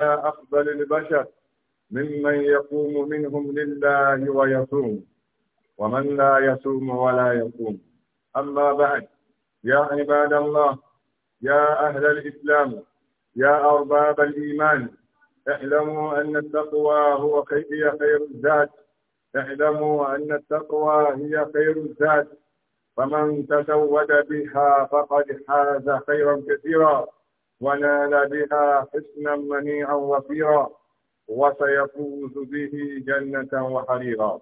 أفضل البشر ممن يقوم منهم لله ويصوم ومن لا يصوم ولا يقوم أما بعد يا عباد الله يا أهل الإسلام يا أرباب الإيمان اعلموا أن التقوى هو هي خير الذات اعلموا أن التقوى هي خير الذات فمن تزود بها فقد حاز خيرا كثيرا ونال بها حسنا منيعا وفيرا وسيفوز به جنة وحريرا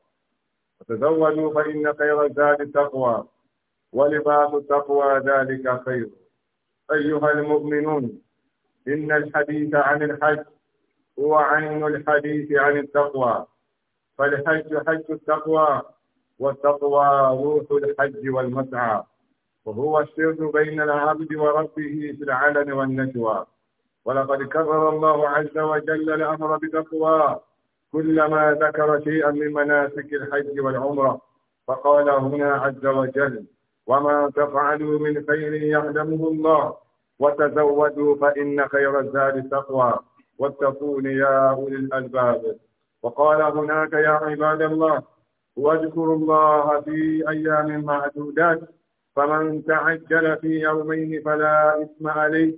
فتزودوا فإن خير الزاد التقوى ولباس التقوى ذلك خير أيها المؤمنون إن الحديث عن الحج هو عين الحديث عن التقوى فالحج حج التقوى والتقوى روح الحج والمسعى وهو السر بين العبد وربه في العلن والنجوى ولقد كرر الله عز وجل الأمر بتقواه كلما ذكر شيئا من مناسك الحج والعمرة فقال هنا عز وجل وما تفعلوا من خير يعلمه الله وتزودوا فإن خير الزاد التقوى واتقون يا أولي الألباب وقال هناك يا عباد الله واذكروا الله في أيام معدودات فمن تعجل في يومين فلا إثم عليه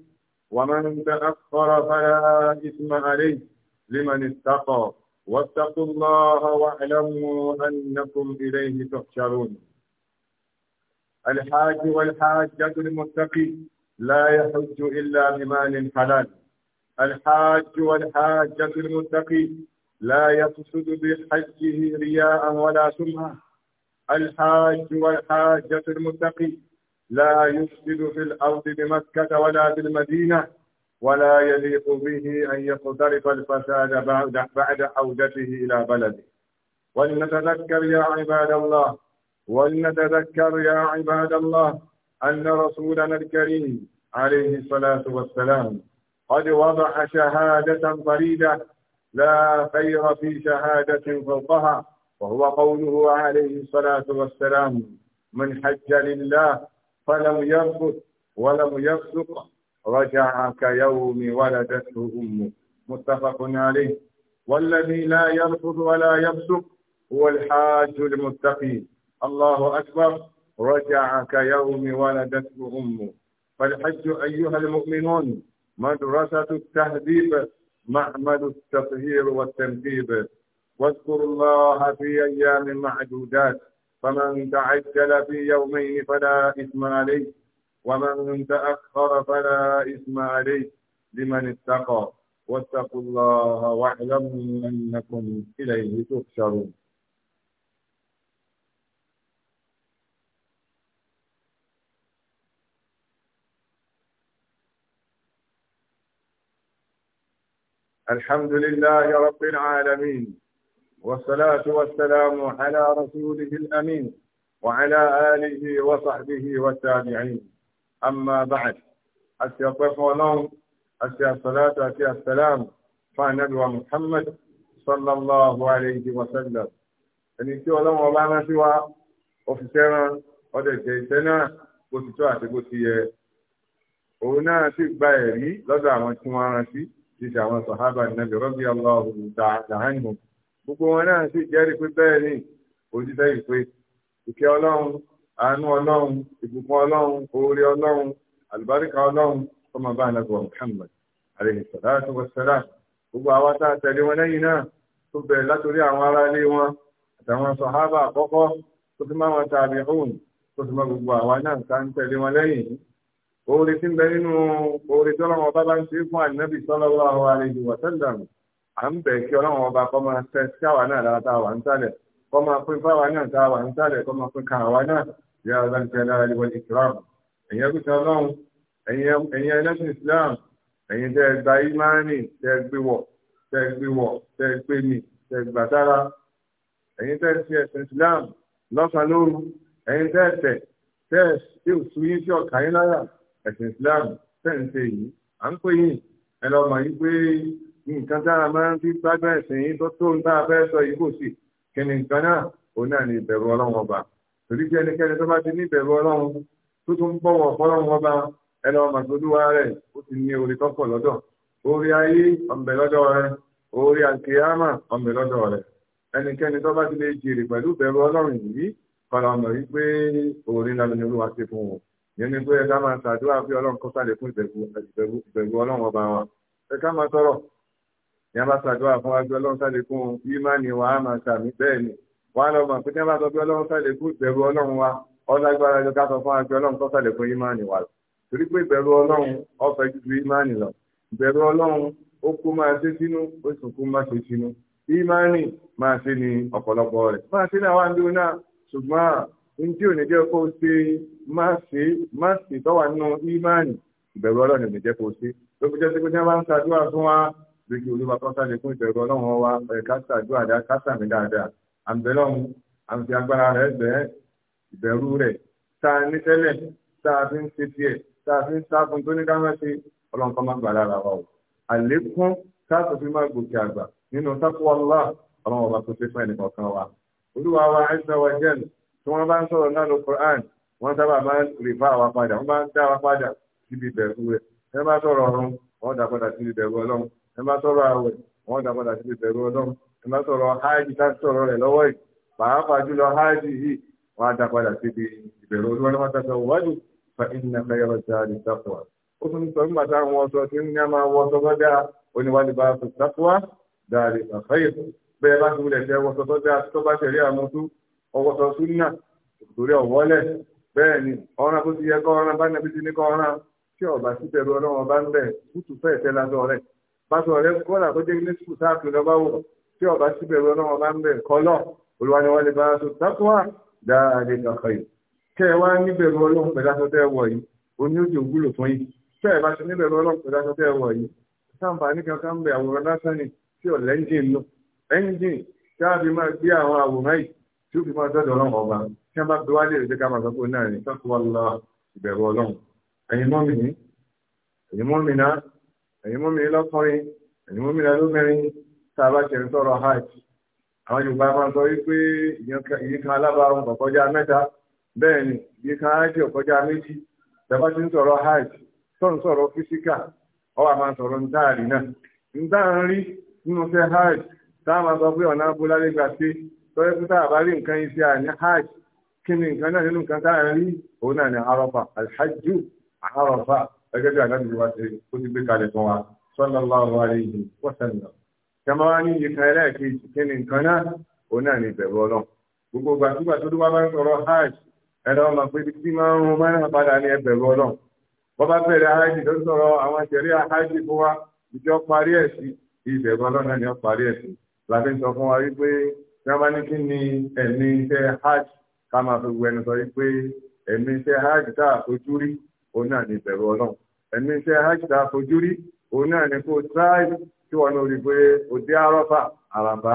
ومن تأخر فلا إثم عليه لمن اتقى واتقوا الله واعلموا أنكم إليه تحشرون الحاج والحاجة المتقي لا يحج إلا بمال حلال الحاج والحاجة المتقي لا يقصد بحجه رياء ولا سمعة الحاج والحاجة المتقي لا يفسد في الأرض بمكة ولا بالمدينة ولا يليق به أن يقترف الفساد بعد, بعد عودته إلى بلده ولنتذكر يا عباد الله ولنتذكر يا عباد الله أن رسولنا الكريم عليه الصلاة والسلام قد وضع شهادة فريدة لا خير في شهادة فوقها وهو قوله عليه الصلاة والسلام من حج لله فلم يرفض ولم يفسق رجع كيوم ولدته أمه متفق عليه والذي لا يرفض ولا يفسق هو الحاج المتقي الله أكبر رجع كيوم ولدته أمه فالحج أيها المؤمنون مدرسة التهذيب معمل التطهير والتنبيب واذكروا الله في أيام معدودات فمن تعجل في يومين فلا إثم عليه ومن تأخر فلا إثم عليه لمن اتقى واتقوا الله واعلموا أنكم إليه تحشرون الحمد لله رب العالمين والصلاة والسلام على رسوله الأمين وعلى آله وصحبه والتابعين أما بعد أسيا طيب ونوم أسيا الصلاة أسيا السلام فنبوى محمد صلى الله عليه وسلم أن يسوى لهم وبعنا سوى وفي سنة سنة سنة وفي وفي وفي سنة وفي سنة وفي سنة هنا في بايري لذا ما شمعنا في جامعة صحابة النبي رضي الله تعالى عنهم gbogbo wọn náà sì jẹ́rìí pé bẹ́ẹ̀ ni òjíṣẹ́ yìí pé ìkẹ́ ọlọ́run àánú ọlọ́run ìbùkún ọlọ́run oore ọlọ́run àlùbáríkà ọlọ́run ọmọ bá anagba Muhammad alayhi salatu wa salam gbogbo àwa tá a tẹ̀lé wọn lẹ́yìn náà tó bẹ̀rẹ̀ látòrí àwọn ará ilé wọn àtàwọn sọ̀hábà àkọ́kọ́ tó fi máa wọn tàbí òun tó fi máa gbogbo àwa náà tá ń tẹ̀lé wọn lẹ́yìn oore tí ń bẹ nínú oore tí ọlọ́run ọba bá ń ṣe fún ànábì sallallahu alayhi wa sallam à ń bẹ̀ kí ọlọ́run ọba kọ́ máa tẹ́ sí àwa náà lára tá a wà ń sálẹ̀ kọ́ máa pín fáwa náà tá a wà ń sálẹ̀ kọ́ máa pín kan náà ìyá ọba ń tẹ́ lára lè wọlé ìkìláàmù ẹ̀yin ọlọ́run ẹ̀yin ẹlẹ́sìn Islam ẹ̀yin tẹ́ gba ìmánì tẹ́ gbé wọ̀ tẹ́ gbé wọ̀ tẹ́ gbé mi tẹ́ gbà sára ẹ̀yin tẹ́ ṣe ẹ̀sìn Islam lọ́sàn-án lóru ẹ̀yin tẹ́ tẹ̀ tẹ́ tí ò sú yín sí ọ̀kà yín lára ẹ̀sìn Islam tẹ́ ń ṣe yìí à ń pè yín ẹ lọ́ọ́ mọ̀ yín pé nǹkan tára máa ń fi gbádùn ẹ̀sìn yìí tó tó ń bá a fẹ́ sọ yìí kò sí kí ni nǹkan náà òun náà ni ìbẹ̀rù ọlọ́run ọba torí pé ẹnikẹ́ni tó bá ti ní ìbẹ̀rù ọlọ́run tó tún bọ̀wọ̀ fọlọ́run ọba ẹnì ọmọ àtòlúwa rẹ̀ ó ti ní orí tọ́pọ̀ lọ́dọ̀ orí ayé ọ̀mẹ lọ́dọ̀ rẹ̀ orí àkèámà ọ̀mẹ lọ́dọ̀ rẹ̀ ẹnikẹ́ni tó bá ti lè jèrè pẹ̀lú ìbẹ̀rù ọlọ́run yìí ni pé ẹ ká máa ṣàdúrà pé ọlọ́run kó sálẹ̀ fún ìbẹ̀rù ọlọ́run ọba wa ẹ ní a bá ṣàdúrà fún wájú ọlọ́run sálẹ̀kùn ìmánì wa á máa ṣàmì bẹ́ẹ̀ ni wàá lọ mọ̀ pé ní a bá sọ pé ọlọ́run sálẹ̀kùn ìbẹ̀rù ọlọ́run wa ọlágbára jọ ká sọ fún wájú ọlọ́run tó sálẹ̀kùn ìmánì wa lọ torí pé ìbẹ̀rù ọlọ́run ọ̀fẹ́ ju ìmánì lọ ìbẹ̀rù ọlọ́run ó kú máa ṣe sínú ó sì kú máa ṣe sínú ìmánì máa ṣe ni ọ̀pọ̀lọpọ̀ rẹ̀ máa ṣe náà wá ń dúró ṣùgbọ́n n tí ò ní jẹ́ kó ṣe má bí kí olúwa kọ́sá lè fún ìbẹ̀rù ọlọ́run wa kásá ju àdá kásá mi dáadáa àǹbẹ̀lọ́run àǹfi agbára rẹ̀ bẹ́ ìbẹ̀rù rẹ̀ tá a ní tẹ́lẹ̀ tá a fi ń ṣe tiẹ̀ tá a fi ń sáfún tó ní ká má ọlọ́run kan má gbà lára wa o àlékún káàtó fi máa gòkè àgbà nínú sáfún ọlọ́run ọba tó ṣe fún ẹnì kọ̀ọ̀kan wa olúwa wa ẹ̀ṣẹ̀ wa jẹ́ tí wọ́n bá ń sọ̀rọ̀ Quran wọ́n sábà máa ń rìfà wa padà wọ́n máa ń dá wa padà ẹ bá sọ̀rọ̀ àwẹ̀ wọ́n dá padà sí ìbẹ̀rù ọlọ́run ẹ bá sọ̀rọ̀ háàjì tá sọ̀rọ̀ rẹ̀ lọ́wọ́ yìí pàápàá jùlọ háàjì yìí wọ́n á dá padà sí ìbẹ̀rù ọlọ́run wọ́n tẹ̀sán wájú fa iná kẹyọrọ tí a lè ó tún sọ nígbà tá à ń tí ń yá máa wọṣọ tó dáa oníwájú bá fi tàkùwà dáàrí àfẹ́yè bẹ́ẹ̀ bá ti wulẹ̀ jẹ́ wọṣọ tó dáa tó bá tẹ̀lé àmọ́tú ọwọ́ṣọ súnà torí ọ̀wọ́lẹ̀ bẹ́ẹ̀ ni ọ̀ràn tó ti yẹ kọ́ ọ̀ràn bá nàbí ti ní kọ́ ọ̀ràn tí ọ̀bà síbẹ̀rù ọlọ́run bá ń bẹ̀ tútù fẹ́ẹ̀ tẹ́lá sọ rẹ̀ pásọ rẹ kọ́là tó jẹ́ nísìkú sáàtù lọ́bá wò tí ọba síbẹ̀ rẹ ọlọ́wọ́ bá ń bẹ̀ kọ́lọ̀ olùwàníwálé bá aṣọ tákùwà dáadé kankan yìí kẹ́ ẹ wá níbẹ̀rù ọlọ́run pẹ̀lú aṣọ tẹ́ ẹ wọ̀ yìí oní ojú òwúlò fún yìí kẹ́ ẹ bá ti níbẹ̀rù ọlọ́run pẹ̀lú aṣọ tẹ́ ẹ wọ̀ yìí sáǹfà ní kankan ń bẹ àwòrán lásán ni tí ò lẹ́ńjìn lọ ẹ́ńjìn káàbí máa gbé àwọn àwòrán yìí tí ó fi máa dọ́dọ̀ ọlọ́run ọba kí wọ́n bá gbé wálé rẹ̀ ká máa sọ pé náà ní tákùwà lọ ìbẹ̀rù ọlọ́run ẹ̀yin mọ́mìnà ẹ̀yin mú mi lọ́kùnrin ẹ̀yin mú mi lọ́lọ́mọbìnrin tá a bá ṣe ń sọ̀rọ̀ hajj àwọn yorùbá máa ń sọ wípé ìyí kan alábàárùn kò kọjá mẹ́ta bẹ́ẹ̀ ni ìyí kan hajj kò kọjá méjì ń sọ̀rọ̀ hajj tó ń sọ̀rọ̀ físíkà sọ̀rọ̀ náà nínú hajj máa sọ pé ọ̀nà sí táà bá rí nǹkan hajj kí ni nǹkan náà nínú nǹkan táà rí òun náà arọ́fà gẹ́gẹ́ bí àná ìjọba ṣe ó ti gbé kalẹ̀ sallallahu alayhi wa sallam. kẹmọ́ wá ní ìkan ẹlẹ́ẹ̀kejì kí ni nǹkan náà òun náà ní ìbẹ̀rù ọlọ́run gbogbo gbàtúgbà tó dúpá máa ń sọ̀rọ̀ hajj ẹ̀rọ ọmọ pé tí máa ń rún máa ń padà ní ẹbẹ̀rù ọlọ́run wọ́n bá bẹ̀rẹ̀ hajj tó sọ̀rọ̀ àwọn ìṣẹ̀rí hajj fún wa ìjọ parí ẹ̀ sí ìbẹ̀rù ọlọ́run náà ni wọ́n parí ẹ̀ sí làbí sọ fún wa wípé tí ni ẹ̀mí iṣẹ́ hajj ká máa fi wẹnu sọ wípé ẹ̀mí iṣẹ́ hajj tá a rí òun náà ní ìbẹ̀rù ọlọ́run ẹ̀mí iṣẹ́ hajj tá a fojú rí òun náà ni kó tíráì tí wọn náà rí pé òde arọ́fà àràbá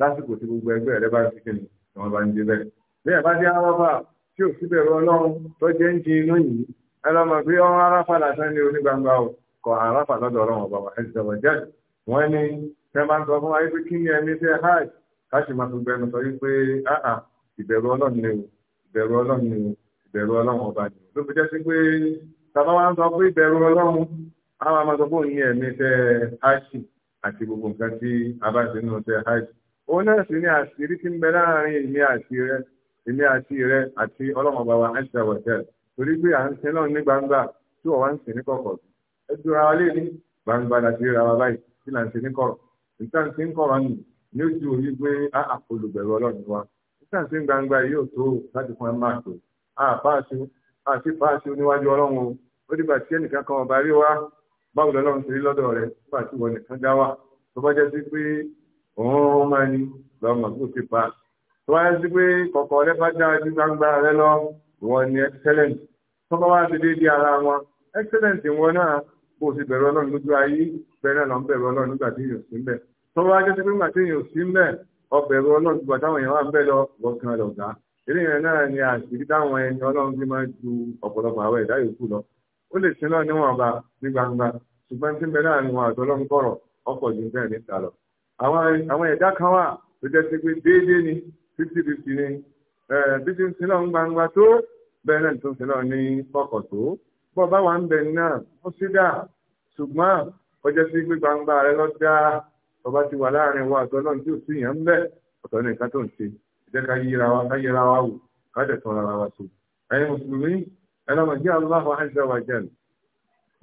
lásìkò tí gbogbo ẹgbẹ́ rẹ bá ń sìnkì ni wọn bá ń dé bẹ́ẹ̀. bí ẹ bá dé arọ́fà tí ò síbẹ̀ rọ ọlọ́run tó jẹ́ ń jin inú yìí ẹ lọ mọ̀ pé ọ̀hún aráfà lásán ní onígbàngbà o kọ àràfà lọ́dọ̀ ọlọ́run ọba ẹ̀ ṣọ̀rọ̀ jáde wọ́n ní tẹ́ máa ń sọ fún wa kí ni ẹ̀mí iṣẹ́ hajj káṣí máa gbogbo ẹnu sọ wípé ìbẹ̀rù ọlọ́run ni ìbẹ̀rù ọlọ́run ni ìbẹ̀rù ọlọ́run ọba ni ló fi jẹ́ sí pé tàbá wa ń sọ pé ìbẹ̀rù ọlọ́run a ma sọ yẹ ẹ̀mí tẹ áṣì àti gbogbo nǹkan tí a bá ṣe nínú tẹ áṣì òun náà sì ni àṣírí tí ń bẹ láàrin èmi àti rẹ èmi àti rẹ àti ọlọ́run ọba wa àṣà torí pé à ń sin náà ní gbangba tí wọ́n wá ń sin gbangba láti wa báyìí tí là ń àti fàáṣe oníwájú ọlọ́run o ó dìgbà tí ẹnìkan kan ọba rí wa báwo lọ́lọ́run ti rí lọ́dọ̀ rẹ̀ nígbà tí ìwọ nìkan dá wa tó bá jẹ́ sí pé òun máa ní lọ́mọ tó ti pa tó bá jẹ́ sí pé kọ̀kọ̀ rẹ bá dára ju gbangba rẹ lọ ìwọ ni excellent tó bá wá ti dé di ara wọn excellent ìwọ náà bó o ti bẹ̀rù ọlọ́run lójú ayé bẹ́ẹ̀ náà lọ ń bẹ̀rù ọlọ́run nígbà tí èèyàn sí ń bẹ̀ tó bá jẹ́ sí pé nígbà eléyìí náà ni àṣírí táwọn ẹni ọlọ́run ti máa ju ọ̀pọ̀lọpọ̀ àwọn ẹ̀dá yòókù lọ ó lè sin náà níwọ̀nba ní gbangba ṣùgbọ́n tí ń bẹ láàrin wọn àti ọlọ́run kọ̀rọ̀ ọkọ̀ ju bẹ́ẹ̀ níta lọ. àwọn ẹ̀dá kan wà tó jẹ́ sí pé déédéé ni fifty fifty ni bí ti ń sin náà ń gbangba tó bẹ́ẹ̀ náà tó ń sin náà ní kọ̀kọ̀ tó bọ́ bá wà ń bẹ náà ó sì dà ṣùgbọ́n ó jẹ́ sí jẹ́ ká yíra wa ká yíra wa wò ká dẹ̀ tọ́ra wa so ẹ̀yin mùsùlùmí ẹlọ́mọ jẹ́ Allahu azza wa jal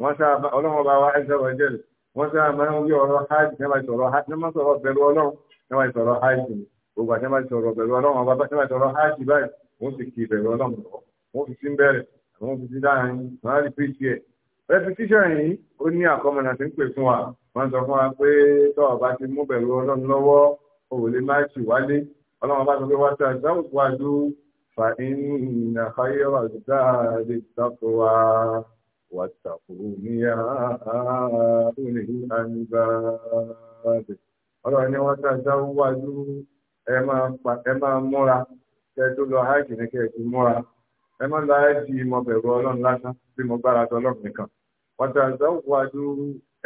wọ́n sá ọlọ́mọ bá wa azza wa jal wọ́n sá máa ń wí ọ̀rọ̀ hajj ní wàá sọ̀rọ̀ hajj ní wàá sọ̀rọ̀ bẹ̀rù ọlọ́run ní wàá sọ̀rọ̀ hajj gbogbo àti wàá sọ̀rọ̀ bẹ̀rù ọlọ́run ọba ní wàá sọ̀rọ̀ hajj báyìí wọ́n sì kí bẹ̀rù ọlọ́run wọ́n fi sí ń bẹ̀rẹ̀ àwọn fi sí dáhùn wọ́n á rí pé tiẹ̀ repetition yìí ó ní àkọmọ̀nà tí ń pè fún wa wọ́n sọ fún wa pé tọ́ọ̀ bá ti mú bẹ̀rù ọlọ́run lọ́wọ́ òwòlé má ṣì wálé ọlọ́run bá sọ pé wá sí àjáwò wájú fa iná fáyọ́rọ̀ dáadé taqwa wàtàkùn ní àárẹ̀ àníbá ọlọ́run ni wọ́n sí àjáwò wájú ẹ máa múra kẹ́ tó lọ háìkì ní kẹ́ tó múra ẹ má lọ háìkì mọ bẹ̀rù ọlọ́run lásán bí mo gbára tọ ọlọ́run nìkan wàtàzáwò wájú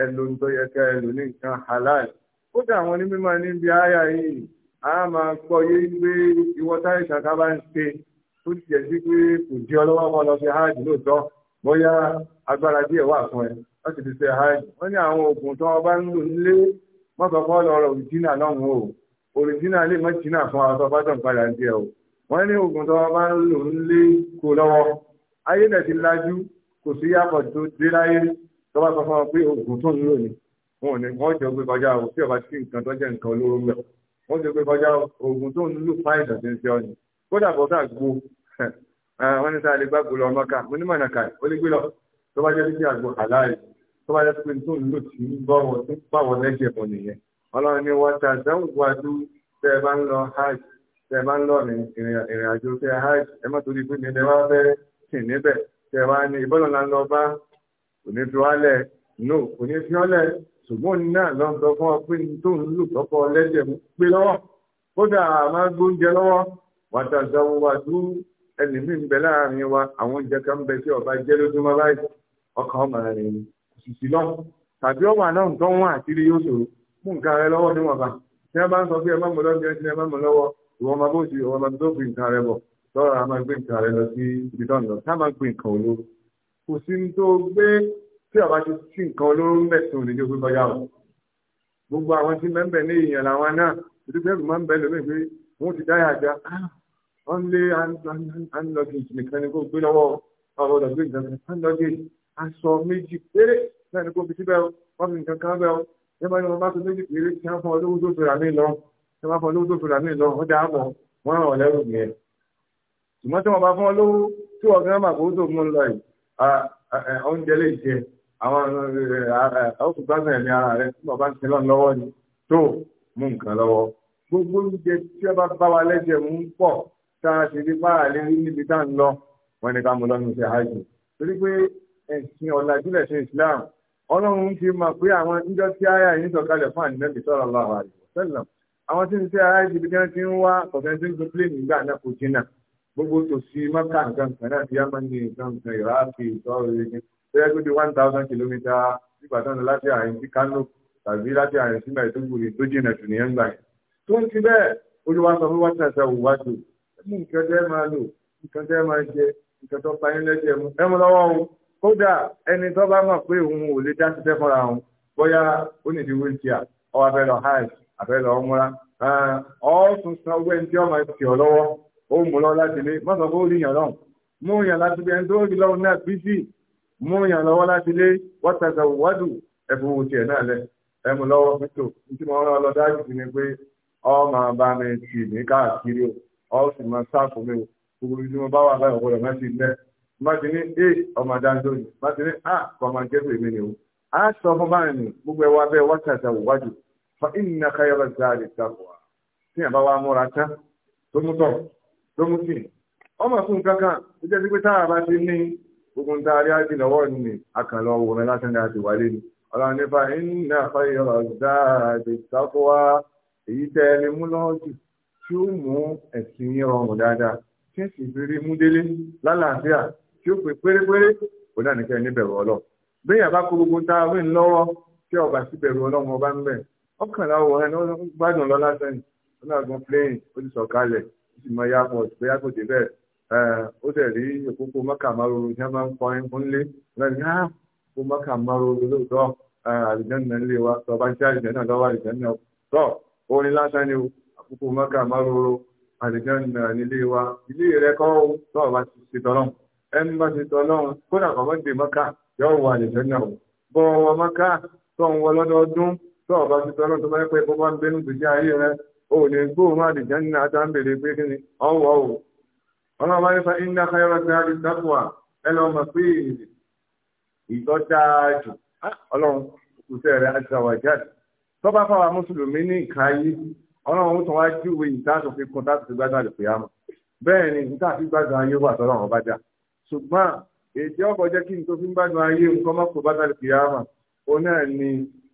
ẹlòmíyẹkẹ ẹlòmíyẹkẹ halal kódà àwọn onímọ̀ níbi àyà yìí a máa gbọ́ yé pé ìwọ táyé ṣàkà bá ń ṣe tó ti jẹ́ sí pé kò jẹ́ ọlọ́wọ́ wọn lọ sí hajj lóòótọ́ bóyá agbára díẹ̀ wà fún ẹ láti fi ṣe hajj wọ́n ní àwọn oògùn tó wọn bá ń lò nílé mọ́tòkọ́ lọ́rọ̀ òjìnà lọ́hùn o òrìjìnà lè mọ́ jìnà fún àwọn bá tàn padà díẹ̀ o wọ́n ní oògùn tó wọn bá ń lò nílé kó lọ́wọ́ ayé náà ti lajú kò sí yàtọ̀ tó dé láyé tó bá sọ fún wọn pé oògùn tó ń lò ní wọn ò ní wọn jọ gbé kọjá o tí ọba sí nǹkan tó jẹ́ nǹkan olóró mẹ́wàá wọ́n ti pé kọjá oògùn tó ń lù fáìn tó ti ń fi ọ ni kódà bọ́ sáà gbó wọ́n ní sáà lè gbá gbó lọ mọ́ká mo ní mọ̀nàkà ó lè gbé lọ tó bá jẹ́ títí àgbo àláì tó bá jẹ́ pé tó ń lò tí ń bọ̀ wọ́n tó ń pàwọ̀ lẹ́jẹ̀ bọ̀ nìyẹn ọlọ́run ni wọ́n ta àdáhùn wájú tẹ́ ẹ bá ń lọ hajj tẹ́ ẹ bá ń lọ ìrìn àjò tẹ́ ẹ hajj ẹ má torí pé nílẹ̀ wá fẹ́ sì níbẹ̀ tẹ́ ẹ wá ní ìbọ́lọ̀ ṣùgbọ́n náà lọ sọ fún ọ pé tó ń lù tọ́kọ lẹ́jẹ̀ pé lọ́wọ́ kódà máa gbóúnjẹ lọ́wọ́ wàtàzà wa tú ẹnì mí ń bẹ láàrin wa àwọn oúnjẹ kan bẹ tí ọba jẹ lójúmọ́ báyìí ọkàn ọmọ rẹ ni òṣìṣì lọ tàbí ọwà náà nǹkan wọn àtìrí yóò ṣòro mú nǹkan rẹ lọ́wọ́ níwọ̀n bá tí wọ́n bá ń sọ pé ẹ má mú lọ́jọ́ ẹ má mú lọ́wọ́ ìwọ́n máa bó ti ìwọ́n tó fi nǹkan rẹ bọ̀ lọ́rọ̀ a máa gbé nǹkan rẹ lọ sí ibi tó ń lọ ká máa gbé nǹkan olóró kò sí ní tó gbé tí ọba ti sí nǹkan olóró ń bẹ̀ tó ní ojú kọjá o gbogbo àwọn tí mẹ́ńbẹ̀ ní èèyàn làwọn náà ìdúgbẹ́rù máa ń bẹ̀ lómi pé wọ́n ti dá yàjá wọ́n lé unluggage nìkan ni kó gbé lọ́wọ́ ọ̀rọ̀ ọ̀dọ̀ gbé nǹkan unluggage aṣọ méjì péré náà ni kó fi síbẹ̀ wọ́n fi nǹkan kan bẹ̀ ọ́ ẹ máa ní wọn bá fi méjì péré tí wọ́n fọ olówó tó fèrà mí lọ ẹ máa fọ olówó tó fèrà mí lọ ó dáa mọ̀ wọ́n ràn ọ́ lẹ́rù yẹn ṣùgbọ́n tí wọ́n bá fọ́ olówó tí wọ́n fi àwọn eh, eh, eh, ọkùnkánṣẹ́ ẹ̀mí ara rẹ̀ tí bàbá ń ṣe lọ́n lọ́wọ́ ni tó mú nǹkan lọ́wọ́ gbogbo oúnjẹ tí ọba bá wa lẹ́jẹ̀ mú pọ̀ tá a ṣe ní fáàlì níbi tá à ń lọ wọn ni ká mú lọ́nu ṣe hajj torí pé ẹ̀sìn ọ̀làjúlẹ̀ ṣe Islam ọlọ́run fi mọ̀ pé àwọn níjọ́ tí aya yìí sọ̀kalẹ̀ fún ànínábì sọ̀rọ̀ lọ́wọ́ àdìbò àwọn tí ń tẹ ara ibi tí wọ́n ti ń wá ọ̀sẹ̀ tí ń gbé pléènì nígbà náà kò bóyá tó di one thousand kilometre nígbà tó ń lọ láti àárín sí Kano tàbí láti àárín sí Maiduguri tó jìnà jù nìyẹn gbà yẹn tó ń ti bẹ́ẹ̀ olúwa sọ fún wáṣà ṣe òwú wáṣọ mú nǹkan tẹ́ máa lò nǹkan tẹ́ máa jẹ nǹkan tó pa yín lẹ́jẹ̀ mu ẹ mú lọ́wọ́ òun kódà ẹni tó bá mọ̀ pé òun ò lè dá ṣiṣẹ́ fúnra òun bóyá ó ní ti wíńtíà ọwọ́ abẹ́ lọ hajj abẹ́ lọ múra ọ̀ọ́sùn san owó ẹni tí ọmọ ẹ ti ọ̀ lọ́wọ́ ó mú lọ láti lé mọ́sàn kó rí yàn lọ́hùn mú yàn láti bí ẹni tó rí lọ́hùn náà bísí mú yàn lọ́wọ́ láti lé wọ́tàkà wádù ẹ̀fún òkè náà lẹ̀ ẹ̀mú lọ́wọ́ fító tí mo lọ dájú sí ni pé ọ bá mi káàkiri o ọ sì máa mi o gbogbo ibi tí mo bá wà báyìí ọ̀gbọ́dọ̀ ti lẹ̀ má ti ní a ọmọ dáńdó ni má ti a kọ́ máa jẹ́ pèmí ni gbogbo ẹ wá bẹ́ẹ̀ fa ìnìyàn káyọ̀rọ̀ tí gbogbo nta rí àti lọ́wọ́ ni akànlọ wòran lásán ni a ti wálé ni ọlọ́run nípa iná fayọrọ dáadé sáfọwá èyí tẹ ẹni mú lọ́jù tí ó mú ẹ̀sìn yín rọrùn dáadáa tí ó sì fi rí mú délé lálàáfíà tí ó pè pérépéré kò náà nìkan ní bẹ̀rù ọlọ́ bẹ́ẹ̀ bá kó gbogbo nta wí lọ́wọ́ tí ọba sí bẹ̀rù ọlọ́run ọba ń bẹ̀ ọkànlá wòran ni wọ́n gbádùn lọ lásán ni wọ́n ó ti sọ̀kalẹ̀ ó sì mọ airport ó dẹ̀ rí òkúkú mọ́kà márùrù tí wọ́n máa ń kọrin fún lé lẹ́nu á kó mọ́kà márùrù lóòótọ́ àlùjànnà nílé wa tó bá jẹ́ àlùjànnà lọ́wọ́ orin lásán ni òkúkú mọ́kà márùrù àlùjànnà nílé wa ilé rẹ kọ́ tọ́ bá ti ṣe bá ti tọ́lọ́ kódà dé mọ́kà yóò wọ o bọ́ mọ́kà ń wọ lọ́dọọdún tọ́ bá ti ọlọ́run bá ní fa iná káyọ̀rọ̀ ti rárí sáfùwà ẹ lọ mọ̀ pé ìtọ́ dáa jù ọlọ́run kùsẹ́ rẹ̀ àjàwájáde tó bá fáwọn mùsùlùmí ní ìkáyé ọlọ́run tó wá júwe ìtàkùn fi kún táàkùn fi gbádùn àlùfẹ́ àmọ́ bẹ́ẹ̀ ni níta fi gbádùn ayé wà tọ́lọ́run bá dà ṣùgbọ́n èdè ọkọ̀ jẹ́ kí n tó fi ń gbádùn ayé nǹkan mọ́kò bá dà àmọ́ ó náà ni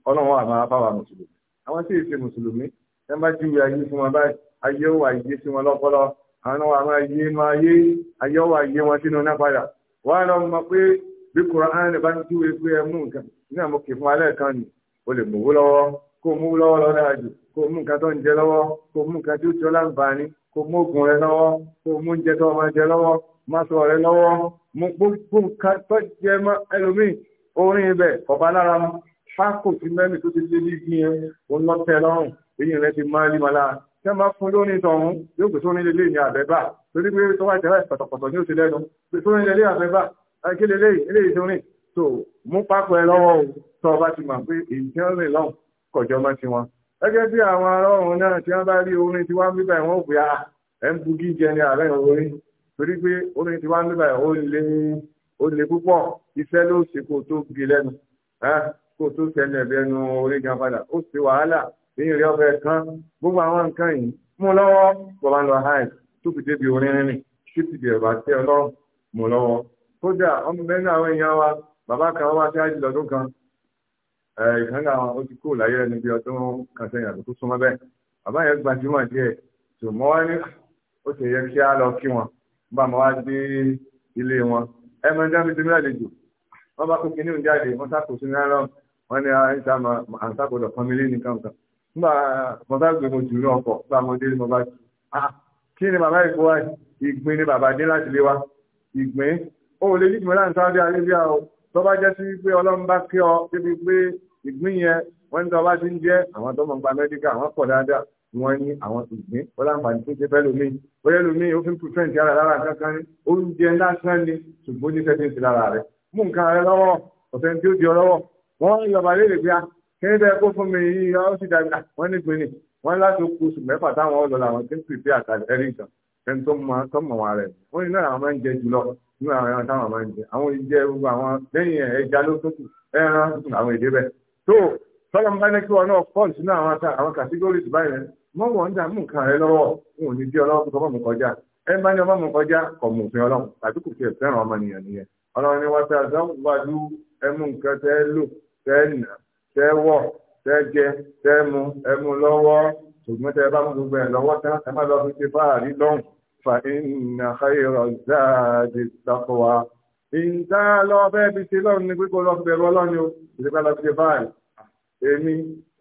ọlọ́run wà máa mùsùlùmí àwọn tí ì ṣe mùsùlùmí ẹ má júwe ayé fún wọn báyìí ayé wà yé sí wọn lọ́pọ̀lọpọ̀ àwọn àwọn ayé máa yé ayọ́wọ́ ayé wọn sínú náà padà wà á lọ mọ pé bí Kùránì bá ń túwèé pé ẹ mú nǹkan ní àmọ́ kì í fún alẹ́ kan ni o lè mówó lọ́wọ́ kó mú lọ́wọ́ kó mú nǹkan tó ń jẹ lọ́wọ́ kó mú nǹkan tí ó ti láǹfààní kó mú rẹ lọ́wọ́ kó mú oúnjẹ rẹ lọ́wọ́ mú gbogbo nǹkan tó jẹ mọ́ ẹlòmíì orin ibẹ̀ ọ̀bá lára mu mẹ́rin tó ti lé ní tẹ́ máa fún lórí ìtọ̀hún yóò pèsè orin lélẹ́ ní àbẹ́bà torí pé tó wá ìtẹ́wà ní òsì lẹ́nu pèsè orin lélẹ́ àbẹ́bà kí lélẹ́ eléyìí tó tó mú pápọ̀ ẹ lọ́wọ́ o tó ọba ti mọ̀ pé èyí tí wọ́n rìn lọ́hùn kọjọ́ mọ́ ti gẹ́gẹ́ bí àwọn ará náà tí wọ́n bá rí orin tí wọ́n bíbá ìwọ̀n òbí ẹ̀ ń bu gíjẹ ní ààrẹ orin torí pé orin tí ìrìn ọ̀fẹ́ kan gbogbo àwọn nǹkan yìí mú lọ́wọ́ bọ̀bá ń lọ hajj tó fi débi orin rìn ṣé ti bẹ̀rẹ̀ bá tẹ́ ọ lọ́wọ́ mú lọ́wọ́ kódà ọmọ bẹ́ẹ̀ ní àwọn èèyàn wa bàbá kan wá sí hajj lọ́dún kan ìkànnì àwọn ó ti kó láyé ẹni bí ọdún kan sẹ́yìn àti tó súnmọ́ bẹ́ẹ̀ bàbá yẹn gbajúmọ̀ díẹ̀ tó mọ́ wá ní ó sì yẹ kí á lọ kí wọn bá mọ́ wá dé ilé wọn ẹ mọ jáde tó mílẹ̀ lẹ́jọ́ wọ́n bá kó kinní jáde wọ́n sákòó sínú ẹ̀rọ wọn ni à ń sábà nígbà mo bá gbé mo jù ní ọkọ̀ nígbà mo dé mo bá jù ah, kí ni bàbá ìkó wa ìgbín ni bàbá dé láti lé wa ìgbín ó lè ní ìgbìmọ̀ láǹtà dé alébíà o tó bá jẹ́ sí pé ọlọ́run bá kí ọ débi pé ìgbín yẹn wọ́n ní tó bá ti ń jẹ́ àwọn tó mọ̀ nípa mẹ́díkà àwọn pọ̀ dáadáa wọ́n ní àwọn ìgbín ó láǹfààní tó ṣe fẹ́ lómi bóyá lómi ó fi ń pùfẹ́ǹtì ara lára kankan ní oúnjẹ lásán ni ṣùgbọ́n ó ní sẹ́tìǹtì lára rẹ̀ mú nǹkan rẹ lọ́wọ́ ọ̀sẹ̀ tí ó di ọ lọ́wọ́ wọ́n yọba léèrè pé ah, kí ní tẹ́ kó fún mi yìí ó sì dàbí wọ́n ní gbé ní wọ́n láti kú oṣù mẹ́fà táwọn ọ̀dọ́ làwọn ti ń pèpè àtàlẹ́ rí nǹkan ẹni tó mọ tó mọ wọn rẹ̀ wọ́n ní náà àwọn máa ń jẹ jùlọ nínú àwọn ẹran táwọn máa ń jẹ àwọn ìjẹ gbogbo àwọn lẹ́yìn ẹja ló tó kù ẹran tó kù àwọn èdè bẹ́ẹ̀ tó sọlọ nípa ní kí wọn náà pọ̀ sínú àwọn àwọn kàtígórì tó báyìí mọ wọn ń dààmú nǹkan rẹ lọ́wọ́ wọn ò ní bí ọlọ́wọ́ tó bá ní kọjá kọ̀ ni wọ́n fẹ́ àdáwọ̀ wájú ẹmú tẹ wọ̀ tẹ jẹ tẹ mu ẹ mu lọ́wọ́ ṣùgbọ́n tẹ bá mú gbogbo ẹ̀ lọ́wọ́ tán ẹ má lọ fi ṣe fáàrí lọ́hùn fa inna khayra zadi taqwa ìta lọ fẹ́ fi ṣe lọ́hùn ní pípọ̀ lọ bẹ̀rù ọlọ́ni o ìṣèpá lọ fi ṣe fáàrí èmi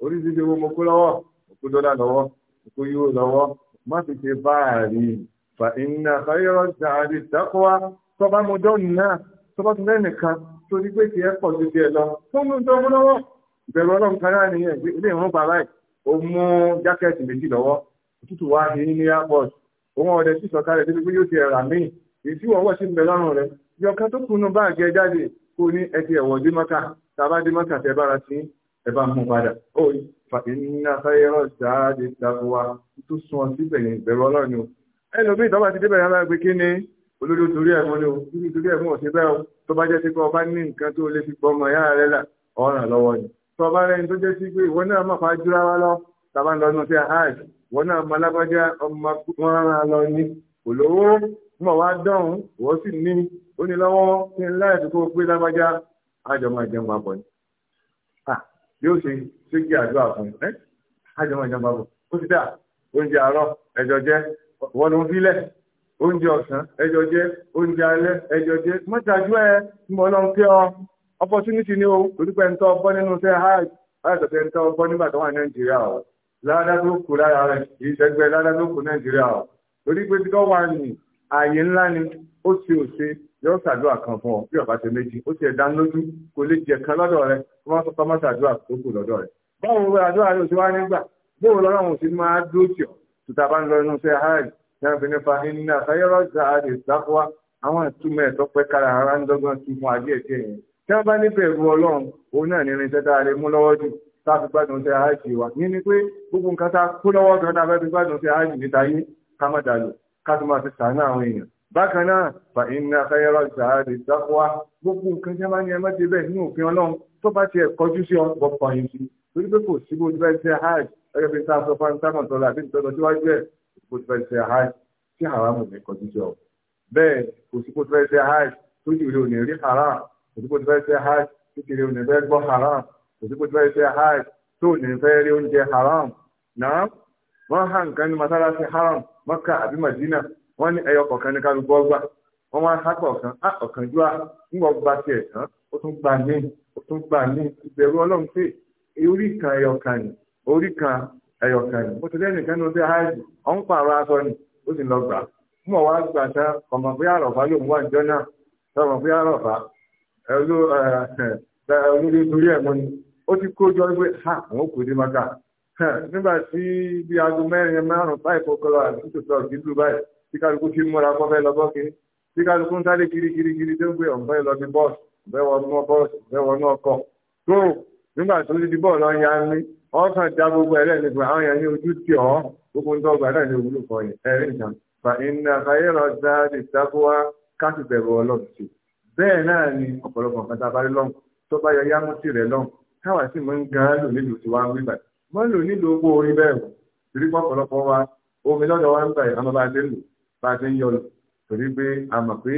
oríṣiríṣi owó mo kó lọ́wọ́ mo kó dọ́là lọ́wọ́ mo kó yúrò lọ́wọ́ má fi ṣe fáàrí fa inna khayra zadi taqwa tọ́ba mo dọ́ọ̀nù náà tọ́ba tún lẹ́nìkan torí pé tiẹ̀ pọ̀ ju tiẹ̀ lọ fún mi tó mú lọ́wọ́ ìbẹ̀rù ọlọ́run kan náà ni ilé ìwọ̀n pa báyìí ó mú jákẹ́ẹ̀tì méjì lọ́wọ́ òtútù wá ní ní airport òun ọ̀dẹ sì sọ kálẹ̀ débi pé yóò ti ẹ̀rà míì èyí tí wọ́n wọ̀ sí ìbẹ̀ lọ́rùn rẹ̀ yọ kan tó kunu báàgì ẹ jáde kó ní ẹ ti ẹ̀wọ̀ dé mọ́kà tàbá dé mọ́kà tẹ bára sí ẹ bá mú padà ó ìnà fẹ́ràn ṣáàdì takuwa tó sun ọtí bẹ̀yìn ìbẹ̀rù ọlọ́run o ẹlòmíì tọ́ba ni o torí ẹ̀ mọ́ ọ̀sẹ̀ bẹ́ẹ̀ o tó bá jẹ́ pé ọba ní nǹkan tó lè fi gbọ́ ọmọ yàrá rẹ̀ là ọ̀ràn lọ́wọ́ ni tọba rẹ̀ tó jẹ́ sí pé ìwọ náà máa fa jura wa lọ tàbá ń lọ nù sí àhàj ìwọ náà máa lágbájá ọmọ wọn rán lọ ní olówó mọ̀ wá dọ̀hún ìwọ sì ní ó ní lọ́wọ́ kí n láì fi kó pé lágbájá àjọ máa jẹun papọ̀ ni yóò ṣe ṣé kí àdúrà fún ẹ àjọ máa jẹun papọ̀ ó ti dà oúnjẹ àárọ̀ ẹjọ jẹ wọn ló ń filẹ̀ oúnjẹ ọ̀sán ẹjọ jẹ oúnjẹ alẹ́ ẹjọ jẹ mọ́tàjú ẹ mọ́ lọ́n pẹ́ ọ opportunity ni o olùpẹ̀ ń tọ́ bọ́ nínú iṣẹ́ hajj láìsọ̀tẹ̀ ń tọ́ bọ́ nígbà tó wà nàìjíríà o ládá tó kù lára rẹ̀ kìí ṣẹgbẹ́ ládá tó kù nàìjíríà o torí pé tí wọ́n wà ní ààyè ńlá ni ó ṣe òṣe yóò ṣàdúrà kan fún ọ bí ọba ṣe méjì ó ti ẹ̀dá lójú kò lè jẹ kan lọ́dọ̀ rẹ kó má sọ má ṣàdúrà tó kù lọ́dọ̀ rẹ báwo ló àdúrà rẹ òṣèwá nígbà bóòrò lọ́rọ̀ òun sí máa dúró tì ọ́ tuta bá ń lọ inú iṣẹ́ hajj ní àfihàn fa iná sayọ́rọ̀ zahadi sáfúwa àwọn ìtumọ̀ ẹ̀tọ́ pẹ́ kára ara ń dọ́gbọ́n tún fún adé ẹ̀dẹ́ tí wọ́n bá ní bẹ̀rù ọlọ́run òun náà ní irinṣẹ́ tá a lè mú lọ́wọ́ jù tá a gbádùn sí àájì wa ní ni pé gbogbo nǹkan tá a kó lọ́wọ́ kan tá fẹ́ gbádùn sí àájì níta yé ká má máa fi sàánú àwọn èèyàn bákan náà fa iná fẹ́yọ́rọ̀ ìsàárè dákúwá gbogbo nǹkan tí wọ́n bá ní ẹ má ti bẹ́ẹ̀ nínú òfin ọlọ́run tó bá tiẹ̀ kọjú sí ọgbọ̀n pààyàn sí torí pé kò sí bó ti fẹ́ ṣe hajj ẹgbẹ́ fi ń sáà sọ fún ẹ̀ kọjú sí ọ òsìkò tí fẹ́ ṣe hajj kékeré ò ní fẹ́ gbọ́ haram òsìkò tí fẹ́ ṣe hajj tó ní fẹ́ rí haram náà wọ́n hàn nǹkan ní masalasi haram maka àbí madina wọ́n ní ẹyọ kọ̀ọ̀kan ní kálukú ọgbà wọ́n wá há kọ̀ọ̀kan á ọ̀kan jù á ńgbọ́ gba tiẹ̀ tán ó tún gbà ní ó tún gbà ní ìbẹ̀rù ọlọ́run pé orí kan ẹyọ kan ní orí kan ẹyọ kan ní olórí torí ẹ̀ mọ́ ni ó ti kó jọ wípé ha àwọn kò dé maka nígbà tí bí aago mẹ́rin márùn-ún báyìí kó kọ́ lọ àti tòtò ọ̀gídù báyìí tí kálukú ti múra kọ́ fẹ́ lọ bọ́ọ̀kì tí kálukú ń sáré kirikirikiri tó ń gbé ọ̀gbẹ́ lọ ní bọ́ọ̀sì ọ̀gbẹ́ wọnú bọ́ọ̀sì ọ̀gbẹ́ wọnú ọkọ̀ tó nígbà tó ti di bọ́ọ̀lù ọ̀yà ni wọ́n kàn já gbogbo ẹ̀ lẹ́nu pé àwọn èèyàn ní ojú tì ọ́ gbogbo ń dọ́gba náà ní òwúlò kan yẹn ẹ̀rí nǹkan fa iná ayé rọ̀ dáadé sábúwá káàkiri bẹ́ẹ̀ náà ni ọ̀pọ̀lọpọ̀ kan tá a bá rí lọ́hùn tó bá yọ yámútì rẹ̀ lọ́hùn káwa sì mọ́ ń gan lò nílò tí wàá ń rí báyìí mọ́ ń lò nílò owó orí bẹ́ẹ̀ wò torí pé ọ̀pọ̀lọpọ̀ wa omi lọ́dọ̀ wa ń báyìí àmọ́ bá a ti ń lò bá a ti ń yọ lò torí pé a mọ̀ pé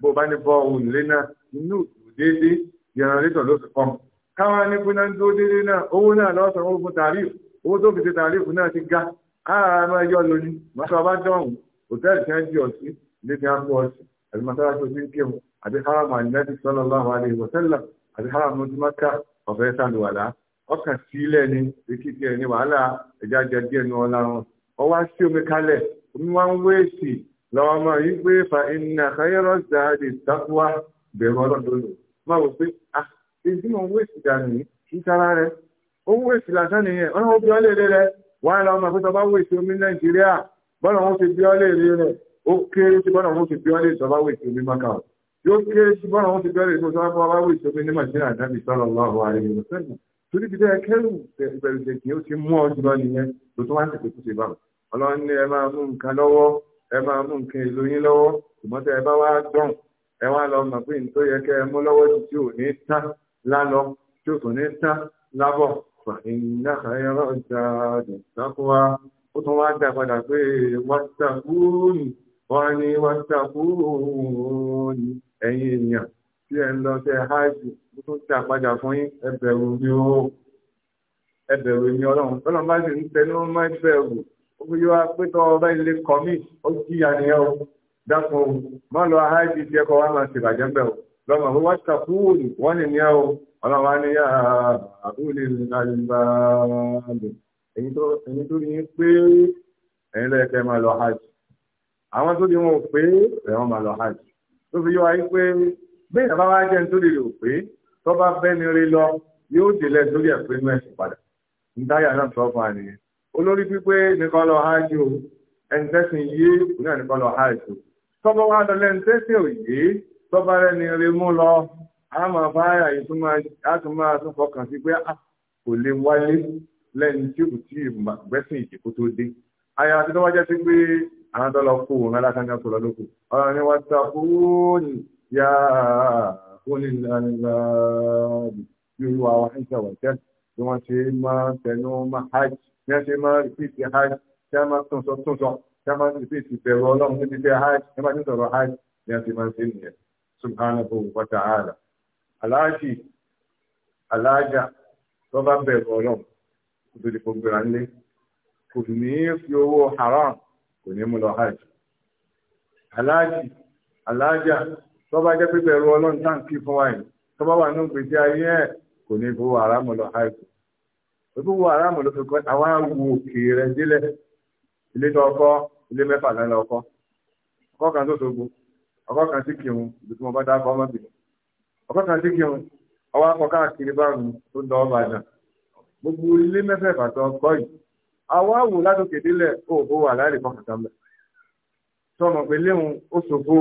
bó bá ní bọ́ ohun ìlé náà inú déédéé jẹnẹrétọ̀ ló fi pọ́n káwa ní kúná ń dúró déédéé náà owó náà lọ́sàn owó fún tàrífù owó tó fi ṣe tàrífù náà ti ga ààrẹ máa yọ lónìí mọ́tò ọba dọ̀hún hòtẹ́ẹ̀lì tí jí ọtí ilé tí wọ́n àti mọ́tò ọba tó ti ń kéwọn àbí haram ànínábì sallallahu alaihi wa sallam àbí haram ní Mákà ọ̀fẹ́ sàlùwàlá ọkàn sílẹ̀ ni etí tiẹ̀ ní wàhálà ẹ̀já jẹ díẹ̀ ní ọlá wọn ọ wá sí omi kalẹ̀ omi wá ń wéèsì lọ́wọ́ mọ́ yí pé fa inna khayra zadi taqwa bẹ̀rù ọlọ́dọ̀ọ́lọ́ máa wò pé ah èyí mọ̀ ń wéèsì dànù yìí sára rẹ̀ ó ń wéèsì lásán nìyẹn ọ̀nà yóò kéré sí bọ́ra wọn ti bẹ̀rẹ̀ inú sọ́nà fún abáwò ìṣòfin ní màṣínà àdábì sallallahu alaihi wasallam torí bídẹ́ kẹrù ìbẹ̀rù tètè ó ti mú ọ jùlọ nìyẹn tó tó wá ń tètè tó ṣe bá wọn. ọlọ́run ní ẹ máa mú nǹkan lọ́wọ́ ẹ máa mú nǹkan èlò yín lọ́wọ́ ṣùgbọ́n tẹ ẹ bá wá dán ẹ wá lọ mọ̀ pé nítorí yẹ kẹ ẹ mú lọ́wọ́ tí ò ní tán lálọ tí ò tó ní tán lábọ̀ fà iná ẹ̀rọ ìjà ìṣàkóso ó tún wá dá padà pé wàtàkùn ni wàtàkùn ẹ̀yin èèyàn tí ẹ ń lọ sí hajj tó tún ti àpájà fún yín ẹ bẹ̀rù mi o ẹ bẹ̀rù mi ọlọ́run ọlọ́run bá sì ń tẹnu mọ́ ẹ bẹ̀rù ó fi yọ pé tọ́ ọba ilé kọ́ mí ó jìyà nìyẹn o dákun o má lọ hajj tí ẹ kọ́ wá máa ṣèbàjẹ́ ń bẹ̀ o lọ́mọ fún wáṣà fúùlù wọ́n ní o ọlọ́run wá ní àbúlé alibáàbò èyí tó ní pé ẹ̀yin lẹ́yìn máa lọ hajj àwọn tó ní wọn ò pé ẹ̀wọ̀n tó fi yọ wáyé pé bí ìyàbá wá jẹ́ nítorí rò pé tó bá bẹ́ni rí lọ yóò délẹ̀ lórí ẹ̀pẹ́ inú ẹ̀sìn padà ntáyà náà sọ fún àníyàn olórí pípé nìkan lọ hajj o ẹnitẹ́sìn yé òun nìkan lọ hajj o tọ́bọ̀ wá lọ lẹ́nitẹ́sìn òye tọ́ba rẹni rí mú lọ àmọ́ fáyà yìí tún máa tún fọkàn sí pé ah, kò lè wáyé lẹ́ni tí kò tí ì gbẹ́sìn ìdìbò tó dé àyà àti tọ́wájẹ́ sí pé àwọn tó lọ kó wọn lákàndá kó lọ lóko ọ̀rọ̀ ni wọ́n ta kúrúnì yá kúrúnì lánàláàbì yóò wá wọn ṣe wọ̀ tẹ́ bí wọ́n ṣe máa tẹnu máa hajj bí wọ́n ṣe máa rìpíìtì hajj tí wọ́n máa tún wa ta'ala aláàjì aláàjà tó bá bẹ̀rù ọlọ́run kò tó di kò gbéra nílé kò ní fi owó haram kò ní mú lọ hajj aláàjì aláàjà tó bá jẹ́ pé bẹ̀rù ọlọ́run tá ń kí fún wa yìí tó bá wà ní gbèsè ayé ẹ̀ kò ní fowó àrámù lọ hajj òbí wo àrámù ló fi kọ́ àwọn awo òkè rẹ̀ délẹ̀ ilé tó ọkọ́ ilé mẹ́fà lẹ́nu ọkọ́ ọkọ́ kan tó ṣogbo ọkọ́ kan sí kírun ibi tí mo bá dákọ́ ọmọbìnrin ọkọ́ kan sí kírun ọwọ́ akọ káàkiri báàrùn tó ń ọba àjà gbogbo ilé mẹ́fẹ̀ẹ̀fà tó ọkọ́ yìí àwa wò látòkè délẹ̀ òòbó wà láìrí kan kàtà mẹ́ sọmọ pé léhun ó ṣòfò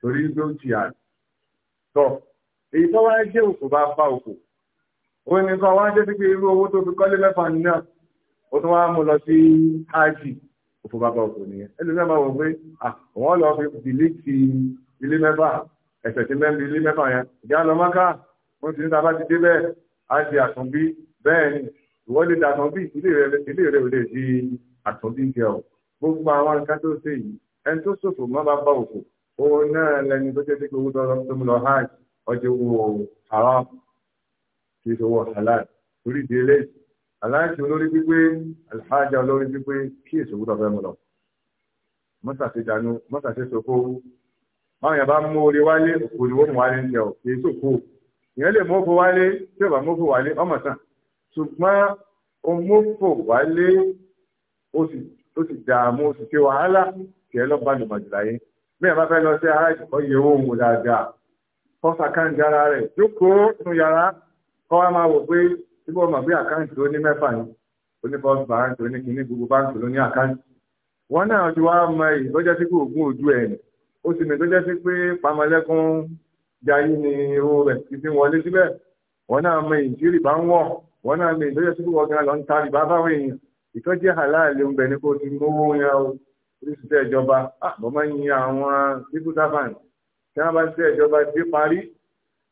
torí ló jìyà tọ èyí tó wáyé jẹ́ òkú bá bá òkú ó ní kọ́ wá jẹ́ pípé irú owó tó fi kọ́lé mẹ́fà náà ó tún wá mú lọ sí ájì òkú bá bá òkú nìyẹn ẹlòmíràn máa wọ pé àwọn lọ fi dìlé ti ilé mẹ́fà ẹ̀sẹ̀ tí mẹ́rin ilé mẹ́fà yẹn ìyá lọ mọ́ká wọ́n ti ní ìwọ́n lè dàtàn bí ilé rẹ̀ ò lè di àtúndí jẹ ọ gbogbo àwọn nǹkan tó ṣe yìí ẹni tó ṣòfò má bá bá òfò òun náà lẹni tó jẹ́ pé owó tó mú lọ hajj ọjọ́ owó haram kì í ṣe owó halal orí ìdí eléyìí aláìsí olórí pípé alhaja olórí pípé kí èso owó tó fẹ́ mú lọ mọ́sàsì dànù mọ́sàsì ṣòfò báwọn yàrá mú orí wálé òkú ni wọ́n mú wálé ń jẹ ọ kì í ṣòfò ìyẹn lè mú òfò wálé tí ò bá mú òfò wálé ọmọ sàn ṣùgbọ́n omófò wálé ó sì dààmú ó sì ṣe wàhálà kí ẹ lọ́ọ́ bá lè mọ̀jù láyé bí ẹ bá fẹ́ lọ sí ara ìdìbò yẹ owó òun dáadáa kọ́ sàkáǹtì ara rẹ̀ jókòó nínú yàrá kọ́ wa máa wò pé síbí ọmọ bí àkáǹtì ó ní mẹ́fà ni ó ní first bank ó ní kíní gbogbo báńkì ló ní àkáǹtì wọn náà ti wá mọ èyí tó jẹ́ sí pé ògùn ojú ẹ̀ ó sì mí tó jẹ́ sí pé pamọ́lẹ́kùn jayé ni owó rẹ̀ ti fi wọlé síbẹ̀ wọn náà mọ èyí tí rìbá ń wọ̀ wọn náà lè lóye tó wọ́n gan lọ ń ta rìbá báwọn èèyàn ìtọ́jú àláàlẹ̀ ń bẹ̀ ní kó ti mówó yẹn o oríṣiríṣi ìjọba àbọ̀ máa ń yin àwọn people servant tí wọ́n bá ṣiṣẹ́ ìjọba dé parí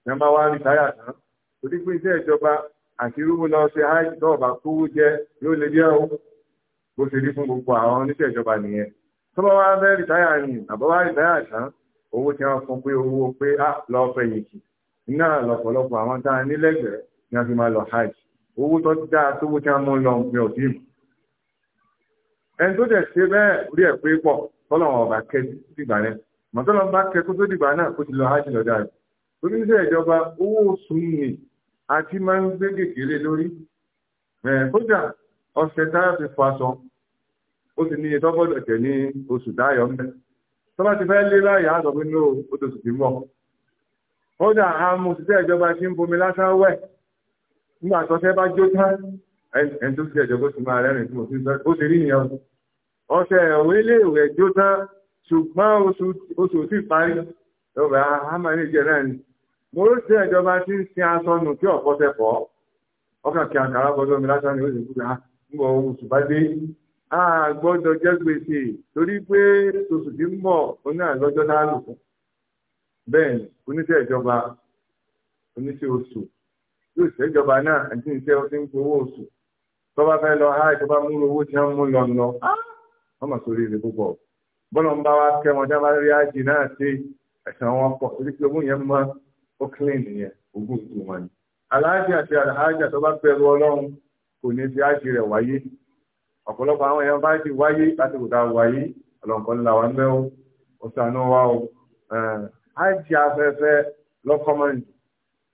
tí wọ́n bá wá rìtáyà tán torí pé iṣẹ́ ìjọba àti irú lọ ṣe háìjì tó ọba kówó jẹ yóò lè jẹ́ o bó ṣe rí fún gbogbo àwọn oníṣẹ́ ìjọba nìyẹn tó bá wá fẹ́ rìtáyà ni àbọ̀ wá rìtáyà tán owó tí wọ́n fún pé owó pé á lọ fẹ̀yìntì náà lọ̀pọ̀lọpọ̀ àwọn tá a nílẹ̀gbẹ̀ẹ́ ni wọ́n fi máa lọ háìjì owó tó dáa tó wó tí a mú lọ mi ò bí mu ẹni tó dẹ̀ ṣe bẹ́ẹ̀ rí ẹ̀ pé pọ̀ tọ́lọ̀wọ̀n ọba kẹ́ dìgbà náà mọ̀tọ́lọ̀ bá kẹ́ kó tó dìgbà náà kó ti lọ ájì lọ́dà rẹ̀ oníṣẹ́ ìjọba owó oṣù nì àti máa ń gbé kékeré lórí kódà ọ̀sẹ̀ táyà fi fọ aṣọ ó sì ní iye tọ́gbọ́dọ̀ tẹ̀ ní oṣù dáyọ̀ ń bẹ̀ ti fẹ́ lé láyà àtọ̀ pé ní o kódà àmọ̀ òṣìṣẹ́ ìjọba ti ń bomi lásán wẹ̀ nígbà tó bá jó tán ẹni tó ti ẹ̀jọ̀ bó ti máa rẹ́rìn tí mo ti sọ ó ti rí nìyẹn ọ̀sẹ̀ ẹ̀wọ̀n ilé ìwẹ̀ jó tán ṣùgbọ́n oṣù tí parí lọ́wọ́ àmà ní ìjẹ̀rẹ́ ni mo rò sí ìjọba tí ń sin aṣọ nù kí ọ̀pọ̀ tẹ pọ̀ ọkàn kí àkàrà bọ́dọ̀ mi lásán ni ó sì kúrò ah, ń bọ̀ oṣù bá dé a jẹ́ gbèsè torí pé oṣù tí ń bọ̀ oní àlọ́jọ́ náà bẹ́ẹ̀ oníṣẹ́ ìjọba oníṣẹ́ oṣù tí òṣìṣẹ́ ìjọba náà àti iṣẹ́ ọtí ń gbowó oṣù tó bá fẹ́ lọ ha ìjọba múlò owó tí wọ́n mú lọ lọ ah! wọ́n mọ̀ sórí rẹ̀ púpọ̀ bọ́lọ̀ ń bá wa kẹ́ wọn jábá rí ájì náà ṣe ẹ̀sán wọn pọ̀ torí pé ogún yẹn mọ ó clean nìyẹn ogún ìtù wọn ni aláàjì àti aláàjì tó bá bẹ̀rù ọlọ́run kò ní fi ájì rẹ̀ wáyé ọ̀pọ̀lọpọ̀ àwọn èèyàn bá ti wáyé láti kò tá a wáyé ọlọ́nkọ́ ńlá wa ń bẹ́ o ó sànú wa o ájì afẹ́fẹ́ lọ́kọ́mọ́ǹtì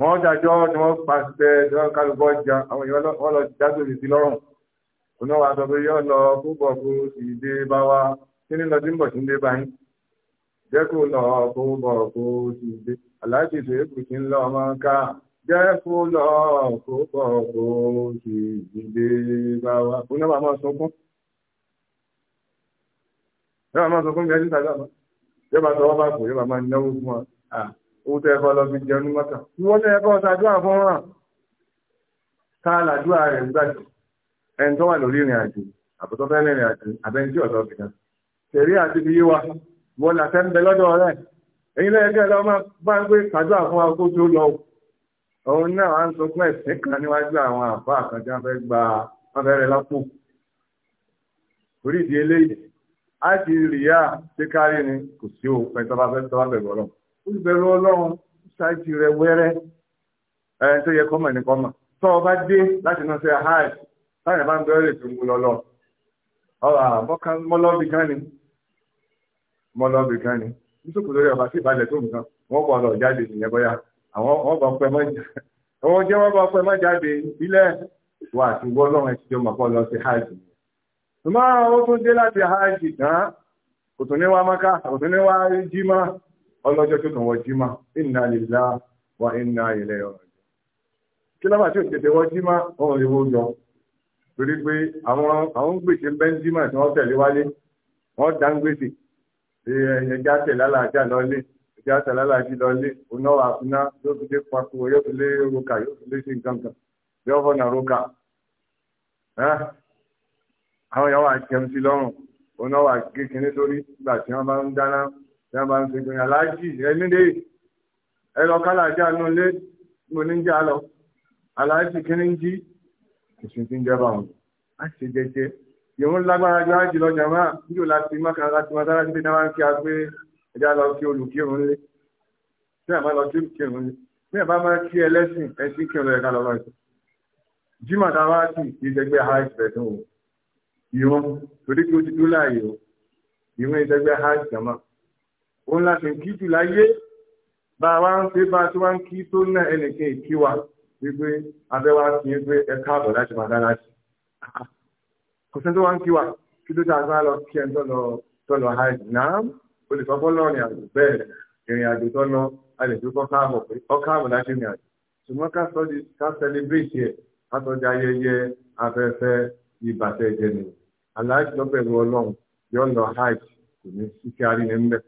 wọ́n dájọ́ tí wọ́n pàṣẹ tí wọ́n kálukọ́ ja àwọn èèyàn wọ́n lọ jágbèrè sí lọ́rùn òun wàá sọ pé yóò lọ púpọ̀ kó sì dé bá wa kí ni lọ sí ń bọ̀ sí ń dé báyìí jẹ́ kó lọ púpọ̀ kó sì dé aláàjì tó yẹ kò sí ń lọ máa ń ká jẹ́ kó lọ púpọ̀ kó sì dé bá wa òun wàá máa sunkún yóò máa sunkún bí ẹni tàbí àbá yóò bá sọ wọ́n bá kù yóò bá máa náwó fún wa owó tó ẹ̀kọ́ lọ fi jẹun ní mọ́tà wọ́n tó ẹ̀kọ́ ṣàdúrà fún wọn ká làdúrà rẹ̀ gbàjọ ẹni tó wà lórí ìrìn àjò àbútọ́ fẹ́ rìnrìn àjò àbẹ́ntí ọ̀dọ́ fi kan tẹ̀rí àti fi yé wa wọ́n là fẹ́ ń bẹ lọ́dọ̀ rẹ̀ èyí lẹ́yìn lọ́ máa bá ń gbé ṣàdúrà fún wa kó tó lọ òun náà wá ń sọ fún ẹ̀sìn kan níwájú àwọn àbá àkànjá fẹ́ gba wọ́n fẹ́ rẹ lápò orí ìdí eléyìí á ti rìyà ṣé kárí ni kò sí òun pẹ́ tọ́ bá fẹ́ tọ́ bẹ̀rẹ̀ ọlọ́run ìbẹ̀rù ọlọ́run ṣáàjì rẹ̀ wẹ́rẹ́ ẹ̀ tó yẹ kọ́mọ̀ ní kọ́mọ̀ tó o dé láti náà ṣe bá ń lè lọ́lọ́ ọ̀rọ̀ mọ́lọ́bì kan ni mọ́lọ́bì kan ni nítorí lórí ọba sí ìbàdàn tó nǹkan wọ́n kọ́ jáde àwọn àwọn jẹ́ wọ́n bá mọ́ jáde ìbílẹ̀ wà àti ọlọ́jọ́ tó kàn wọ jímá inna lillahi wa inna ilayhi raji'un kí lọ́mà tí ò tètè wọ jímá ọ̀rọ̀ lè wọ́n jọ torí pé àwọn gbèsè bẹ́ńjímà tí wọ́n tẹ̀lé wálé wọ́n dá ń gbèsè ẹ̀yẹ̀já tẹ̀ lálàájá lọ́lé ìjà tẹ̀ lálàájá lọ́lé onáwó àfiná yóò fi lé pako yóò fi lé roka yóò fi lé sí nǹkan kan yóò fọ́nà roka àwọn yàrá jẹun sí lọ́rùn onáwó àgé kinní sórí nígbà tí wọ́n bá ń dáná tí wọ́n bá ń fi gbìyànjú aláàjì ẹni dé ẹ lọ kálàjà nù lé mo ní jà lọ aláàjì kí ni ń jí ìsìn tí ń jẹ́ báwọn á ṣe jẹ́jẹ́ ìwọ̀n lágbára jọ ájì lọ́jà máa níjò láti mọ́kàn láti máa dára títí náà kí a pé ẹjá lọ sí olùkírun lé tí àbá lọ sí olùkírun lé tí àbá máa kí ẹlẹ́sìn ẹsìn kí ọlọ́yẹ ká lọ́wọ́ ẹ̀sìn jimá ta wá sí ìdẹ́gbẹ́ hajj pẹ̀lú ìwọ̀n torí pé ó ti dúró láàyè o ìwọ̀n ìdẹ́gbẹ́ hajj jama òun la ṣe ń kí jù láyé bá a wá ń ṣe bá a ti wá ń kí tó ná ẹnìkan ìkí wa wípé abẹ́wá ti ń gbé ẹ̀ka àbọ̀ láti máa dára sí. kò sí tó wá ń kí wa kí ló dáa máa lọ kí ẹ tó lọ tó lọ ha náà olùfọ́fọ́ lọ́rin àjò bẹ́ẹ̀ ìrìn àjò tó lọ a lè fi kọ́kọ́ pé ọkọ́ àbọ̀ láti rìn àjò ṣùgbọ́n ká sọ di ká sẹlẹ̀bírìtì ẹ̀ ká ayẹyẹ afẹ́fẹ́ ìbàtẹ́ ìjẹnu aláàjì lọ́pẹ̀lú ọlọ́run yọ lọ hajj kò ní sí kí a rí ní mbẹ́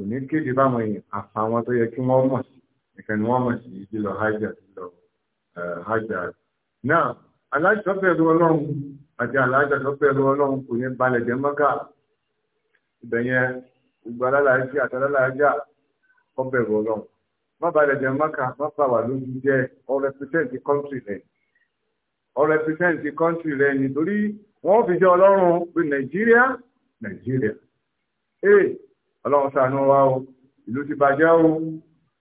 kò ní kéde báwọn èèyàn àfàwọn tó yẹ kí wọ́n mọ̀ sí nìkan ni wọ́n mọ̀ sí lílọ hajj àti lílọ hajj àti. náà aláìsàn pẹ̀lú ọlọ́run àti aláìsàn pẹ̀lú ọlọ́run kò ní balẹ̀ jẹ́ mọ́gà ibẹ̀ yẹn gbogbo alálàájì àti alálàájà kọ́ bẹ̀rù ọlọ́run má balẹ̀ jẹ́ mọ́gà má bà wà lójú jẹ́ ọ represent the country rẹ̀ ọ represent the country rẹ̀ nítorí wọ́n fi jẹ́ ọlọ́run pé nàìjíríà nàìjíríà ọlọ́run ṣàánú wa o ìlú ti bàjẹ́ o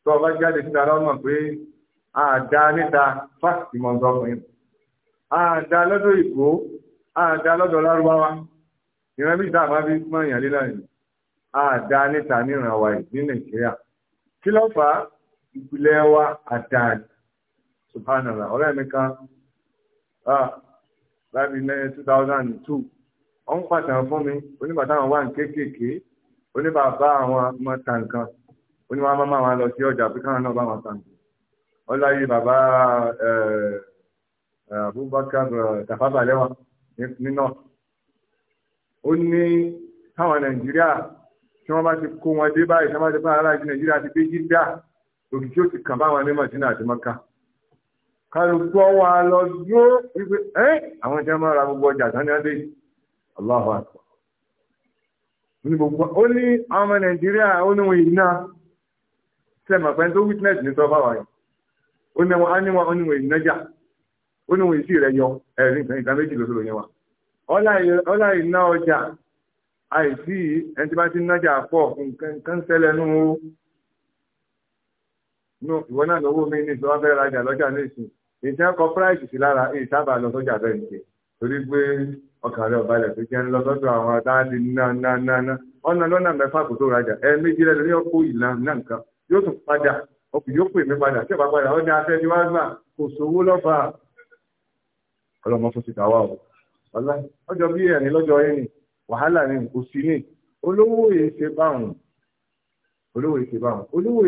tó o bá jáde síta lọ́mọ̀ pé àdá níta fásitì mọ̀ ọ̀dọ́kùnrin àdá lọ́dọ̀ ìkó àdá lọ́dọ̀ lárúbáwá ìran bí ìta bá fi mọ èèyàn lílọ àdá níta níran wa ní nàìjíríà kí ló fà á ìpìlẹ̀ wa àdá subhanallah ọ̀rẹ́ mi kan láti ní two thousand and two wọ́n pàtàkì fún mi onígbàtà wọn wà ní kéékèèké oníbàbá àwọn ọmọ ta nǹkan oníwà máa máa lọ sí ọjà pé káwọn náà bá wọn ta nǹkan ọláyé bàbá Abubakar Tafabalẹ́wà ní north ó ní táwọn Nàìjíríà tí wọ́n bá ti kó wọn dé báyìí tí wọ́n bá ti bá aláàjì Nàìjíríà ti dé jíjà òkìkí ó ti kàn báwọn ní Mọ̀tínà àti Mọ́ká kálukú ọwọ́ alọ́ dúró wípé ẹ́ àwọn ìjọba ra gbogbo ọjà tán ní adé Allahu Akbar ní gbogbo ó ní ọmọ nàìjíríà ó ní wọn ìná sẹ́mà pẹ́ tó witness ní sọ́fà wáyé ó ní wọn á ní wọn ó ní wọn ìná jà ó ní wọn ìsì rẹ̀ yọ ẹ̀rí nǹkan ìta méjì lóṣòro yẹn wa ọlá ìná ọjà àìsí ẹni tí bá ti nájà pọ̀ nǹkan ṣẹlẹ̀ nù ó nù ìwọ náà lọ́wọ́ mi ní ìṣọwọ́fẹ́ rajà lọ́jà ní ìsìn ìṣẹ́ kọ price sí lára ìṣàbà lọ bẹ́ẹ̀ nìyẹn torí pé ọkàn rẹ̀ ọ̀balẹ̀ pé jẹ́ ń lọ sọ́dọ̀ àwọn adáàdì nánánáná ọ̀nà lọ́nà mẹ́fà kò tó rajà ẹ méjì lẹ́nu yóò ìlà nǹkan yóò tún padà ọkùnrin yóò pè mí padà tí padà ọ̀nà afẹ́ni wá gbà kò sówó lọ́fà ọlọ́mọ fún o ọlá ọjọ́ bí lọ́jọ́ wàhálà ni kò sí olówó báwọn olówó báwọn olówó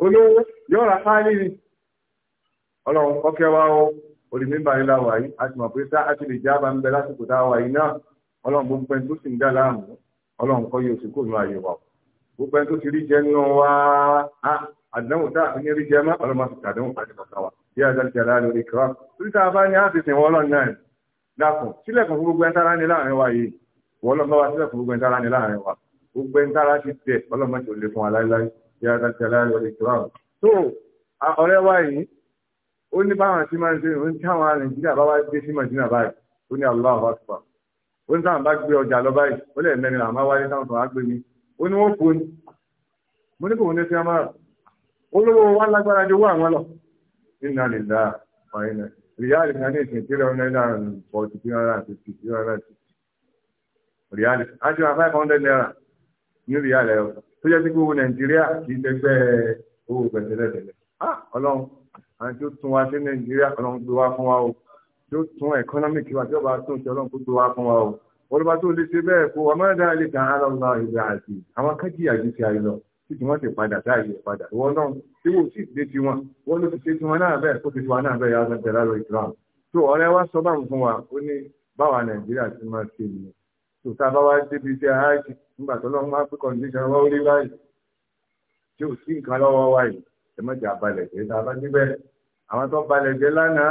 ọsẹ yóò ra sáà nìyí ọlọ́run kọ́kẹ́ wá ó olùmíbà nílá wà yìí a ti mọ̀ pé tá a ti lè já bá ń bẹ lásìkò tá a wà yìí náà ọlọ́run gbogbo ẹni tó sì ń dá láàmú ọlọ́run kọ́ yóò sì kó nù ayé wa gbogbo ẹni tó ti rí jẹ nínú wa àdánwò tá a fi ní rí jẹ mọ́ ọlọ́run máa fi tàdánwò àti bàtà wa bí a dájú ẹ̀rá lórí kíra torí tá a bá ní àti sìn wọ́n náà dàpọ̀ sílẹ̀kùn fún gbogbo ẹni tára ní láàrin wa yìí wọ́n lọ́ bá wa sílẹ̀kùn gbogbo ẹni tára ní láàrin wa gbogbo ẹni tára ti tẹ̀ ọlọ́run máa ti tó ọ̀rẹ́ wa yìí ó ní báwọn tí máa ń ṣe ìròyìn tí àwọn nàìjíríà bá wá dé sí màdínà báyìí ó ní aláwọ̀ àtùpà ó ní táwọn bá gbé ọjà lọ báyìí ó lè mẹ́rin làwọn máa wáyé táwọn tó wá gbé mi ó ní wọ́n kú ni mo ní kò wọ́n ní fi máa olówó wa lágbára ju owó àwọn lọ nínú àlèdá fàyínà ríálì kan ní ìsìn three hundred and forty three hundred and fifty three hundred and sixty ríálì á owó pẹ̀tẹ́lẹ̀ tẹ́lẹ̀ ọlọ́run àti tó tún wa sí nàìjíríà ọlọ́run gbé wa fún wa o tó tún economic wa tí ó bá tún ṣe ọlọ́run kó gbé wa fún wa o olùbá tó lè ṣe bẹ́ẹ̀ kó wa má dáa lè tàn án lọ́wọ́ ìgbà àti àwọn kájìyà ju ti àyè lọ tí tí wọ́n ti padà táàyè padà wọ́n náà tí wọ́n sì dé ti wọn wọ́n ló ti ṣe tiwọn náà bẹ́ẹ̀ kó ti tiwọn náà bẹ́ẹ̀ yàtọ̀ tẹ̀lá lọ ìslam tó ọ̀rẹ́ wa sọ báwọn fún wa ó ní báwa nàìjíríà ti máa ṣe nìyẹn tó tá a bá wá débi iṣẹ́ ààjì nígbà tó lọ́wọ́ tí ò sí nǹkan lọ́wọ́ wa yìí ẹ má jẹ́ abalẹ̀ jẹ́ tá a bá níbẹ̀ àwọn tó balẹ̀ jẹ́ lánàá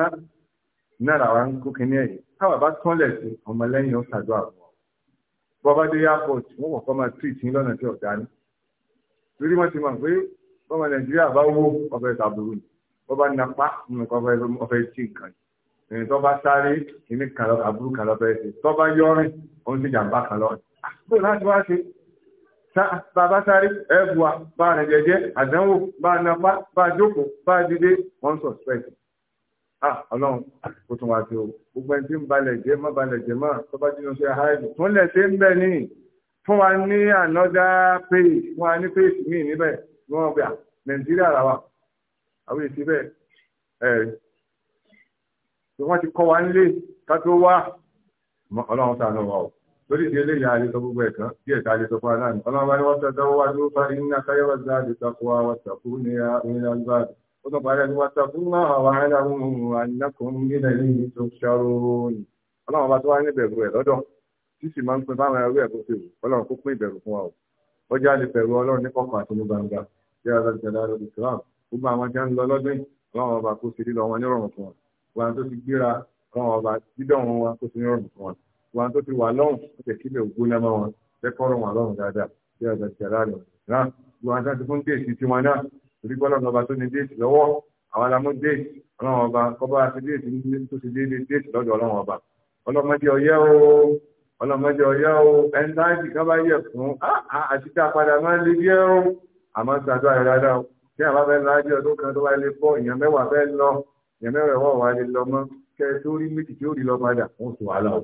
náà làwọn ń kú kínní ẹ̀yìn táwọn bá tọ́lẹ̀ sí ọmọlẹ́yìn ó ṣàdúrà fún ọ bọ́ba dé airport wọ́n wọ̀ fọ́ máa treat ní lọ́nà tí ọ̀gá ní torí wọ́n ti mọ̀ pé bọ́ba nàìjíríà bá wó ọ̀fẹ́ ìtàbùrù ni bọ́ba napa nǹkan ọ̀fẹ́ tí nǹkan ẹni tó bá sáré kínní kan lọ́ka burú kan lọ́fẹ́ ṣe tó bá yọrin òun ah, ti jàǹbá kan lọ́rin láti wá ṣe bàbá sáré ẹ̀bùwà bá rẹ̀ jẹjẹ àdánwò bá napá bá jókòó bá dídé wọ́n suspect. ọlọ́run kò tún wá sí o gbogbo ẹni tí ń balẹ̀ jẹ́ má balẹ̀ jẹ́ má tó bá jìnnà sí àhárẹ̀ tó lẹ̀ sí ń bẹ̀ ní fún wa ní another page fún wa ní page míì níbẹ̀ ní wọ́n gbà nàìjíríà là wà àwọn èsì bẹ́ẹ̀ ẹ̀rí tí wọ́n ti kọ́ wa nílé ká tó wá ọlọ́run sàánú wa o torí ìdí eléyà àlejò gbogbo ẹ̀kan bí ẹ̀ka àlejò fún aláàánú ọlọ́run ni wọ́n tẹ dánwó wá ló fa iná káyọ̀wá záàdì takò wá wọ́n takò ní ìrìn àlùbáàdì ó tún parẹ́ ni wọ́n takò náà wà á náà mú ànákùnrin nílẹ̀ yìí tó ṣàrò ní ọlọ́run bá tó wá ní ìbẹ̀rù ẹ̀ lọ́dọ̀ tí sì máa ń pin báwọn ẹrú ẹ̀ tó ṣe wù ọlọ́run kó pín ìbẹ̀rù fún wa o ó já lè bẹ̀rù ọlọ́run ní kọ̀ọ̀kan àti ní gbangba bí ara àwọn tí wọ́n wọn tó ti wà lọ́hùn ó ti kílẹ̀ ògbóná mọ́ wọn lẹ́kọ̀ọ́rọ̀ wọn lọ́hùn dáadáa bí ọ̀dọ̀ ti ara rẹ̀ náà wọn tó ti fún déètì tiwọn náà torí pé ọlọ́run ọba tó ní déètì lọ́wọ́ àwọn alamú déètì ọlọ́run ọba kọ́ba ti déètì tó ti déètì déètì lọ́dọ̀ ọlọ́run ọba ọlọ́mọdé ọ̀yẹ́ o ọlọ́mọdé ọ̀yẹ́ o ẹ̀ńtáìtì kan bá yẹ fún àṣìṣe padà máa ń lè díẹ̀ o àmọ́ ṣàdó àyàrá o tí àbá fẹ́ lájú ọdún kan tó wáyé lè bọ́ èèyàn mẹ́wàá fẹ́ lọ èèyàn mẹ́wàá wà wá lè lọ mọ́ kẹ́ ẹ